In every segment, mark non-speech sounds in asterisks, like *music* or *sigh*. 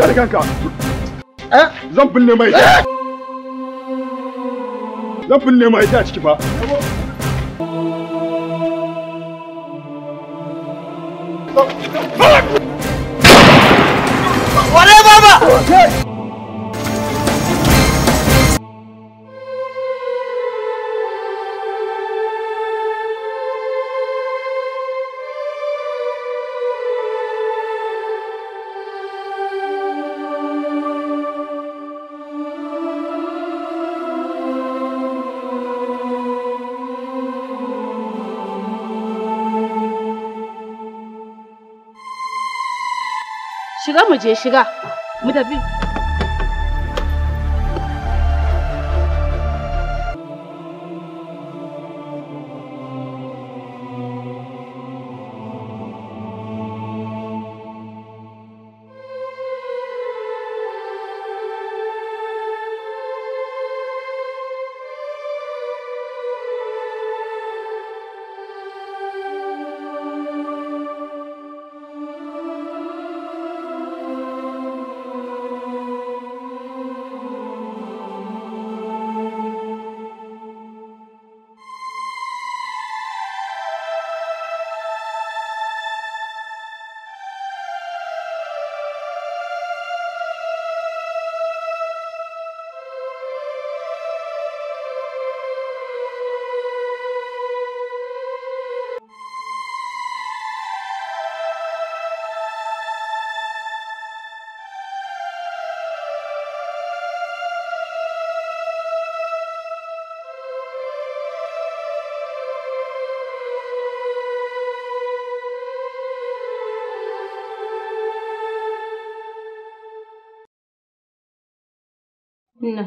Ko kanka. Eh, zan binne mai. Eh? Zan binne mai ta ciki fa. Wale baba! shiga mu je shiga mu tafi Nan.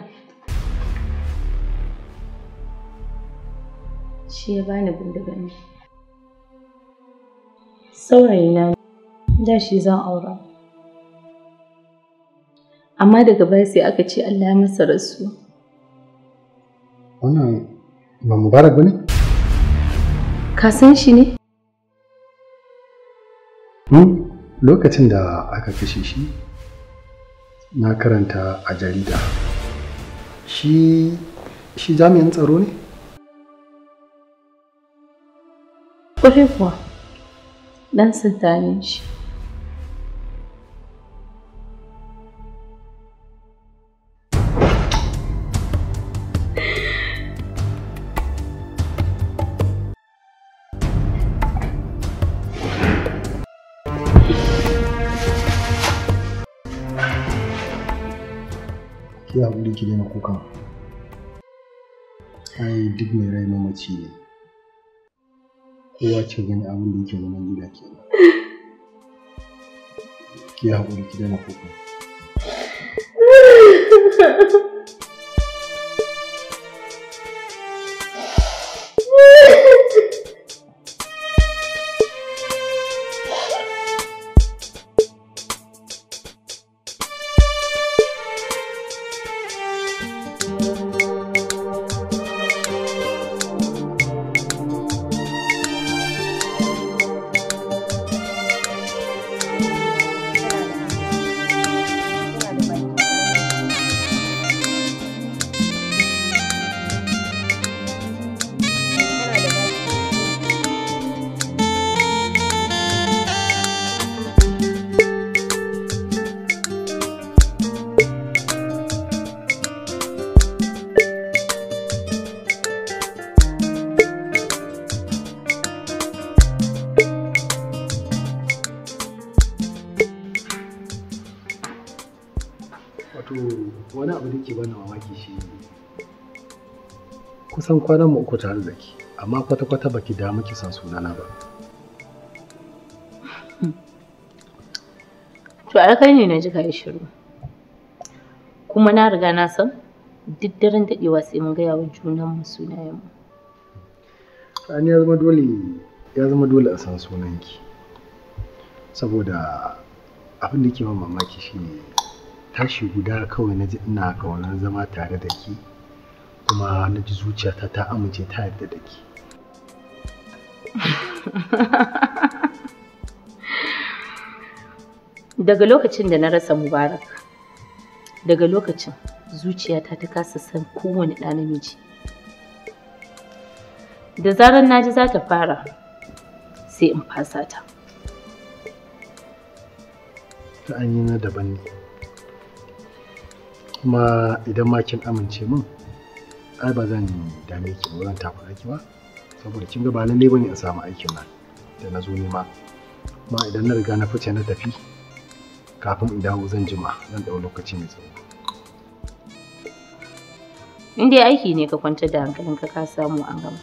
Shi ya bani bindigan nan. Saurayina da shi zan aura. Amma daga baya sai aka ce Allah ya masa rasu. Wannan ba Mubarak ba ne? Ka san shi ne? Hmm, lokacin da aka kashe shi, na karanta a jarida. shi shi jami'in tsaro ne ƙwarai kuwa ɗan sanda shi ki haƙuri ki daina kuka ai duk mai rai mamaci ne kowa ce gani abin da yake zaman gida ke ki haƙuri ki daina kuka *laughs* kusan kwanan mu uku tare da ke amma kwata-kwata baki damu ki san sunana ba to kai ne na ji ka shiru kuma na riga na san duk daren sai mun gaya wa junan mu sunayen mu Sani ya zama dole ya zama dole a san sunan ki saboda abin da ke mamaki shine tashi guda kawai na ji ina kaunar zama tare da ki kuma na ji zuciyata ta amince ta yarda da ke. *laughs* Daga lokacin da na rasa Mubarak, daga lokacin zuciyata ta kasa san kowane ɗa namiji. Da zarar na ji za ta fara sai in fasa ta. Ta an yi na daban ne. Kuma idan ma kin amince min. ai ba zan dame ki ba zan tafi aiki ba saboda kin ga ba lalle bane in samu aikin nan da na zo nema kuma idan na riga na fice na tafi kafin in dawo zan jima zan dau lokaci mai tsawo in dai aiki ne ka kwanta da hankalinka ka samu an gama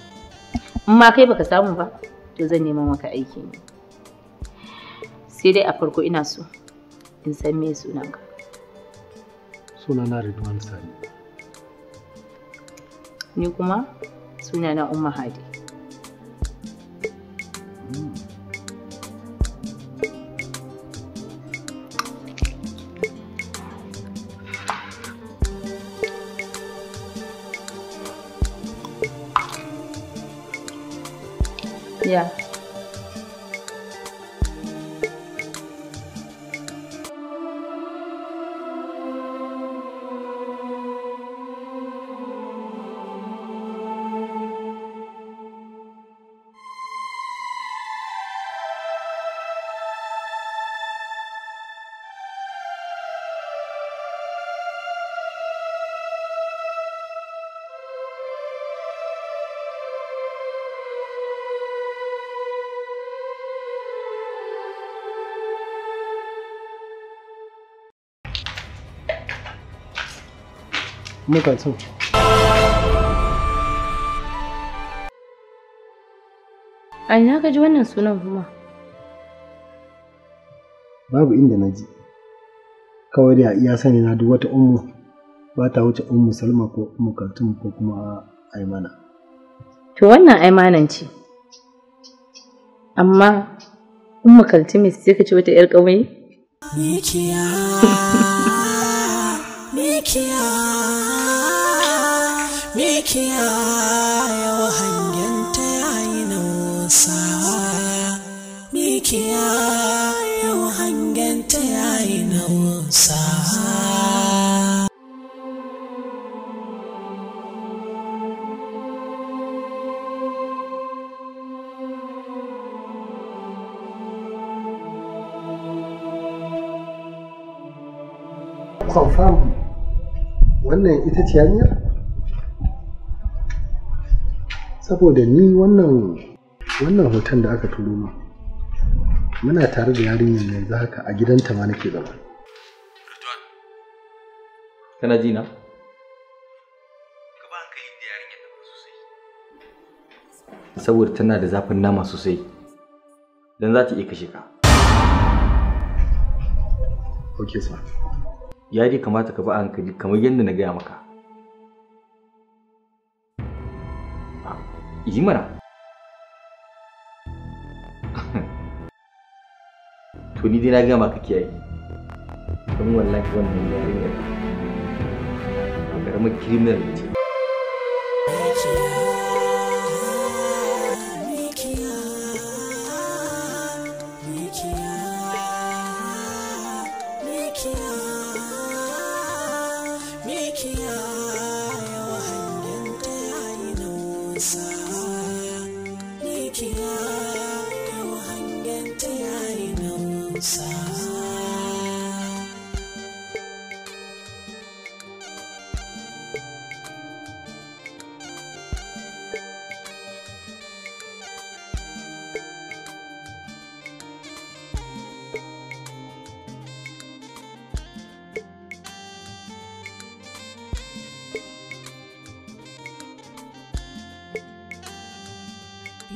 in ma kai baka samu ba to zan nema maka aiki ne sai dai a farko ina so in san me sunanka sunana Ridwan Sani ni kuma suna na umma hadi Yeah. muka so a ina ka ji wannan sunan kuma babu inda na ji kawai da iya sani na duk wata ummu ba ta wuce ummu salma ko ummu kaltum ko kuma aimana to wannan aimanan ce amma ummu kaltum sai ka ce wata yar ƙauye Mikiya, Mikiya. tsakiya yau hangen hangenta yayi nausa mikiya yau hangen hangenta yayi nausa confirm wannan ita ce yarinyar saboda ni wannan wannan hoton da aka turo min muna tare da yarinyar yanzu haka a gidanta ma nake zama kana ji na saboda tana da zafin nama sosai Dan za ta iya kashe ka ok sir ya ji kamata ka ba hankali kamar yadda na gaya maka Imana. to ni dai na gama ka kiyaye. Don wallahi wannan yarinyar. Karamar criminal ce.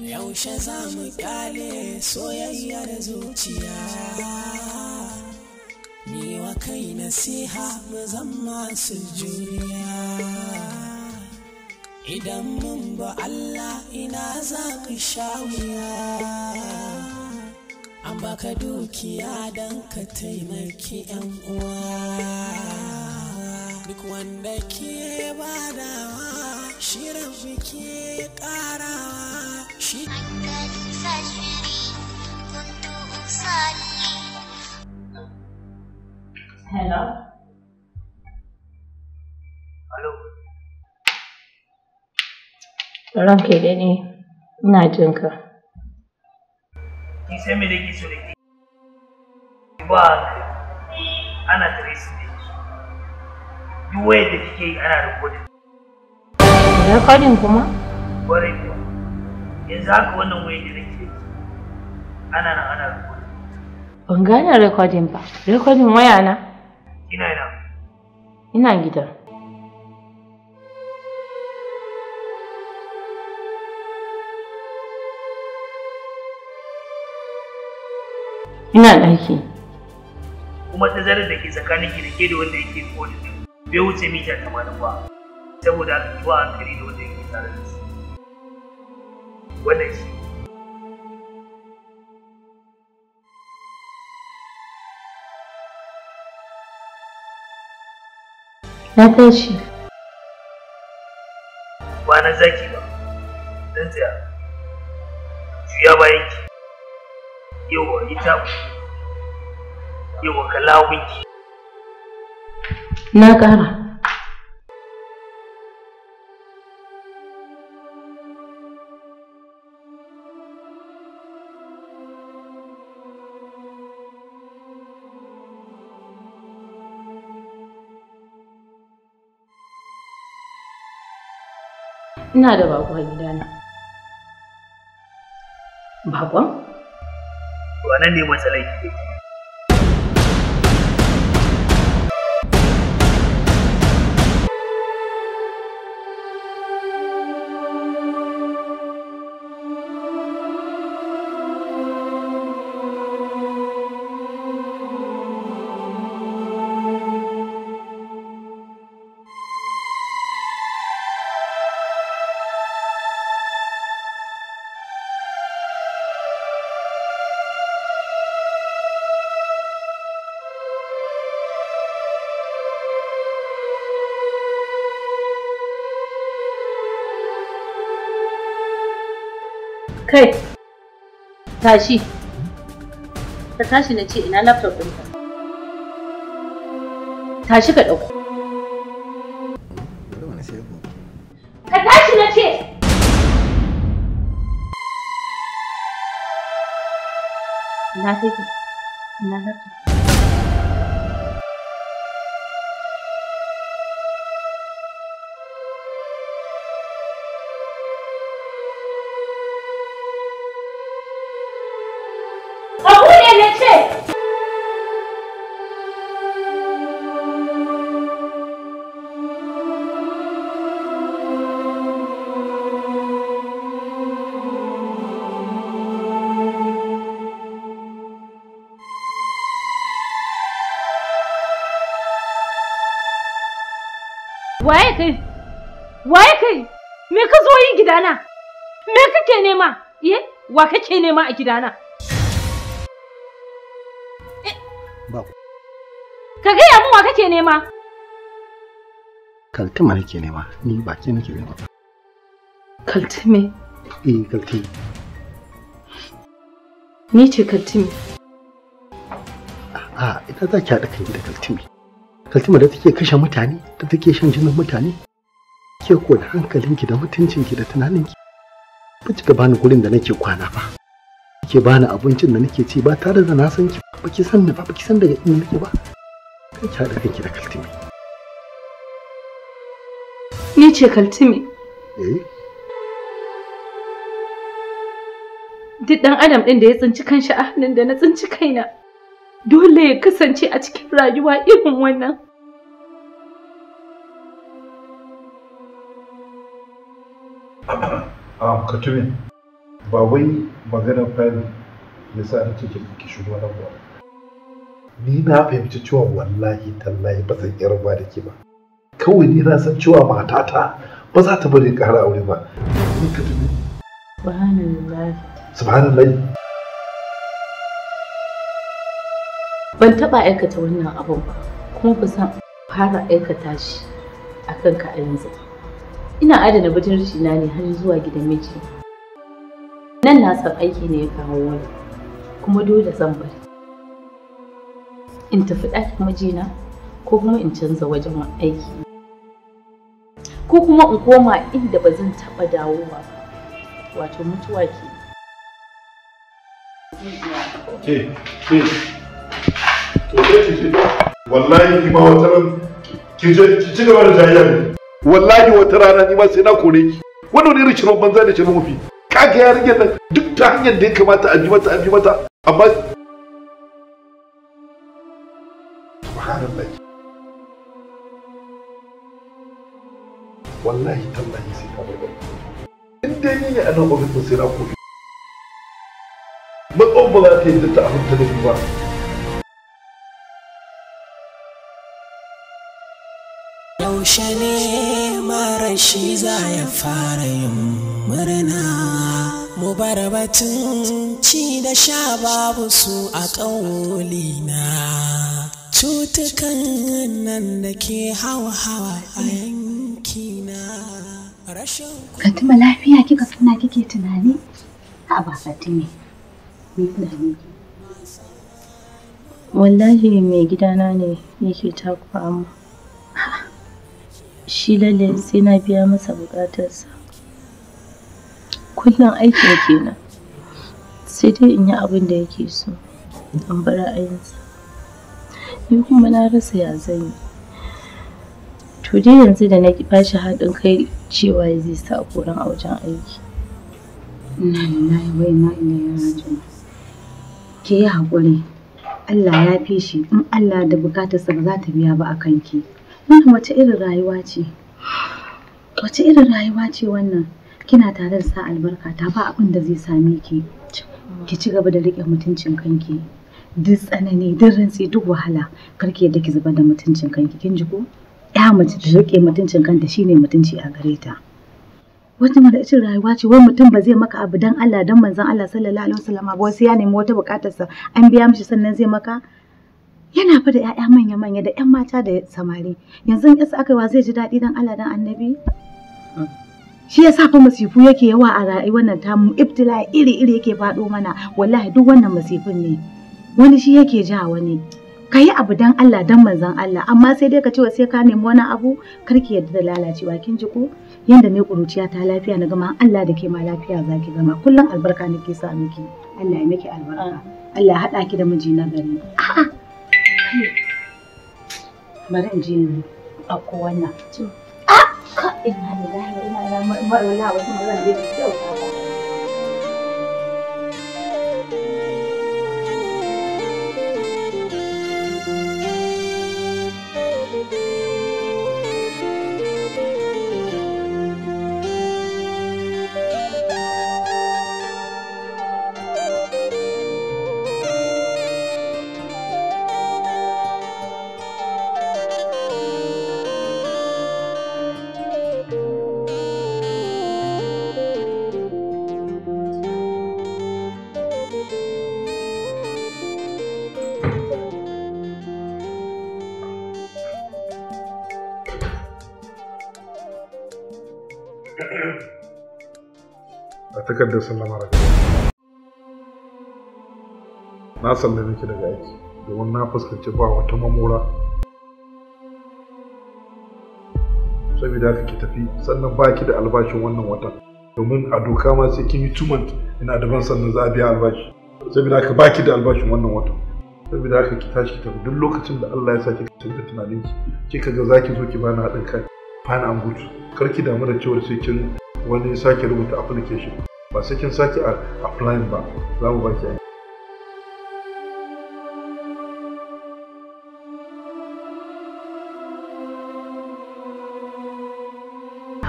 yaushe za mu kyale soyayya da zuciya ni wa kai nasiha mu zama su juriya idan mun ba Allah ina za ku sha wuya an baka dukiya don ka taimaki yan uwa duk wanda ke wa. shirin muke karawa shi Hello? Hello? da ne, ina jinka. Ni sai me da ke da ke ba ana ne. da kike yi ana rikodin Rekodin kuma? Kwarai kuwa. Yanzu haka wannan wayan da nake ana nan ana rekodin. Ban gane rekodin ba. Rekodin waya na? Ina ina. Ina gidan. Ina ɗaki. Kuma tazarar da ke tsakanin ki da ke da wanda yake kodin bai wuce mita tamanin ba. saboda haka zuwa hankali da wanda yake tare da su wannan shi na kai shi ba na zaki ba don tsaya juya bayan ki yawa ita yawa ki. na kara ina da bako a gidana bakon? wannan ne matsalai Kai, tashi. Ta tashi na ce ina laptop ɗinka. Tashi ka ɗauko. Ka tashi na ce! Na take, na laptop. Waye kai? Waye kai? Me ka zo yin gidana? Me kake nema? Iye, eh, wa kake nema a gidana? Ba ku. Ka gaya min wa kake nema? Kaltuma nake nema, ni ba ke nake nema. Kaltume? Eh, kaltume. Ni ce kaltume. A'a, ina za ki haɗa kan gida kaltume. Fatima da take kashe mutane da take shan jinin mutane ke ko da hankalinki da mutuncinki da tunaninki ba ki bani gurin da nake kwana ba ke bani abincin da nake ci ba tare da na san ki ba ki san ni ba ki san daga inda nake ba kai ki haɗa kanki da kaltimi ni ce kaltimi eh duk ɗan adam ɗin da ya tsinci kanshi a hannun da na tsinci kaina dole ya kasance a cikin rayuwa irin wannan a katumin ba wai maganar fari ya sa ni ce ki shigo nan ba ni na fahimci cewa wallahi tallahi ba zan iya rabuwa da ke ba kawai ni na san cewa matata ba za ta bari ƙara aure ba ni ka tuni subhanallahi subhanallahi ban taba aikata wannan abun ba kuma ba san fara aikata shi akan ka a yanzu ba ina adana budurci na ne har zuwa gidan miji nan na san aiki ne ya kawo wani kuma dole zan bari in tafi ɗakin mijina ko kuma in canza wajen aiki ko kuma in koma inda ba zan taɓa dawowa ba wato mutuwa ke ke ke to ke ce wallahi ki ma wata ki ki ci gaba da jayyar wallahi wata rana ni ma sai na kore ki wannan wani irin shirin banza da shirin mafi kaga yarinyar nan duk ta hanyar da ya kamata a bi mata a bi mata amma subhanallah wallahi tallahi sai ka bar in dai ni ne a nan gwamnatin sai na kore matsawon ba ta yi da ta abinta da ba yaushe ne marashi za ya fara yin murna mu bar batun ci da sha babu su a ƙaunina cutukan nan da ke hawa-hawa a yankina Fatima lafiya kika suna kike tunani? A ba Fatima, tunani Wallahi mai gidana ne yake takwa Amma. shi lalle sai na biya masa buƙatarsa aiki yake kenan sai dai in yi abin da yake so in bar ra'ayinsa ni kuma na rasa ya zan to dai yanzu da na bashi haɗin kai cewa zai sa koran a wajen aiki ina lillahi wa ina ilaihi raji'un ke yi hakuri, Allah ya fi shi in Allah da bukatarsa ba za ta biya ba a kanki wannan wace irin rayuwa ce wace irin rayuwa ce wannan kina tare da sa albarka ta ba abin da zai same ki ki ci gaba da riƙe mutuncin kanki duk tsanani duk rantsi duk wahala kar ki yadda ki zuba da mutuncin kanki kin ji ko ya mace ta riƙe mutuncin kanta shine mutunci a gare ta wata ita rayuwa ce wai mutum ba zai maka abu dan Allah dan manzon Allah sallallahu alaihi wasallam ba sai ya nemi wata bukatarsa an biya mishi sannan zai maka yana fa da 'ya'ya manya-manya da 'yan mata da samari yanzu in isa wa zai ji daɗi dan Allah dan annabi shi ya sa fa masifu yake yawa a rayuwar nan tamu ibtila iri-iri yake faɗo mana wallahi duk wannan masifin ne wani shi yake ja wani ka yi abu dan Allah dan manzon Allah amma sai dai ka ce wa sai ka nemi wani abu karki yadda da lalacewa kin ji ko yanda ne kuruciya ta lafiya na gama Allah da ke ma lafiya zaki zama kullum albarka nake sa miki Allah ya miki albarka Allah ya haɗa ki da miji na gari a'a bari in je ni a Ah! Ina da ina da da kyau. ga takardar sallama daga na sallame ke daga aiki domin na fuskanci ba wata mamura saboda haka ki tafi sannan ba ki da albashin wannan watan domin a doka ma sai kin yi tumant ina daban sannan za a biya albashi saboda haka ba ki da albashin wannan watan saboda haka ki tashi ki tafi duk lokacin da Allah ya sa kika canza tunaninki kika ga zaki zo ki bani haɗin kai fana an good kar ki damu da cewa sai kin wani sake rubuta application ba sai kin sake applying ba za mu baki aiki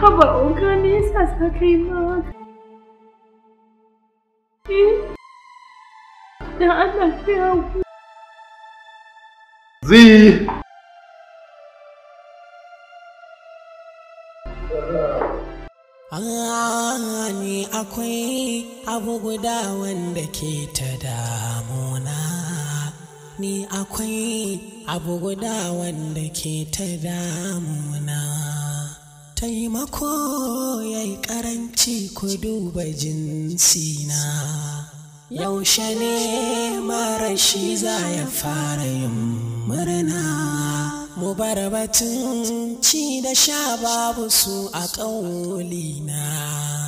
haba oga me yasa sa kai ba dan Allah sai haku zi akwai abu guda wanda ke ta damuna ni akwai abu guda wanda ke ta damuna taimako ya yi karanci ku duba jinsina yaushe ne mara shi za ya fara yin murna mu bar batun ci da sha babu su a na.